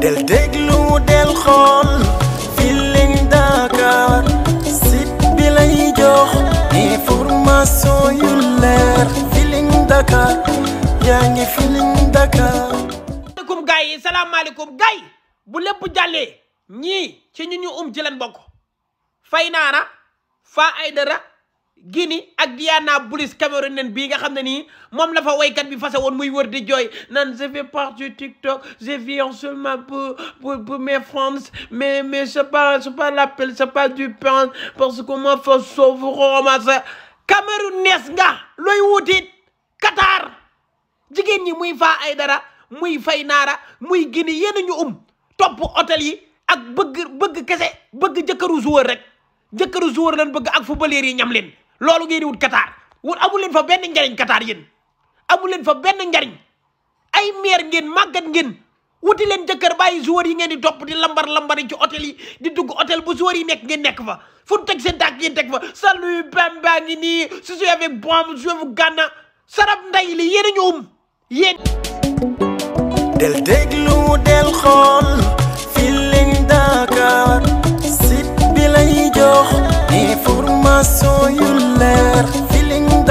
del déglu del xool Feeling Dakar site bi lay jox yu leer Feeling Dakar yaa ngi Feeling Dakar salaamaaleykum gars yi salaamaaleykum gars yi bu lépp jàllee ñii ci ñu ñu um ci bokk fay naana fa ay dara Guinée ak Diana Bullis Cameroun nen bii nga xam ne nii moom la fa waykat bi fase woon muy wër di jooy nan je fais partie du TikTok je viens seulement pour pour pour mes mais mais c'est pas c'est pas l'appel c'est pas du pain parce que ma fa sauve romancé Cameroun nees nga looy wutit Qatar jigéen ñi muy fa ay dara muy fay naara muy Guinée yéen ñu um topp hôtel yi ak bëgg bëgg kese bëgg jëkkëru joueur rek jëkkëru joueur lan bëgg ak footballeur yi ñam leen loolu ngeen di wut Qatar wut amu leen fa benn njariñ Qatar yéen amu leen fa benn njariñ ay meer ngeen màggat ngeen wuti leen jëkkër bàyyi joueur yi ngeen di topp di lambar lambari ci hôtel yi di dugg hôtel bu joueur yi nekk ngeen nekk fa fu mu teg seen tànk ngeen teg fa salu bamba ngi nii su su avec bomb su bu gànna sarab nday li yéen a ñu del déglu del xool Feeling Dakar site bi lay jox information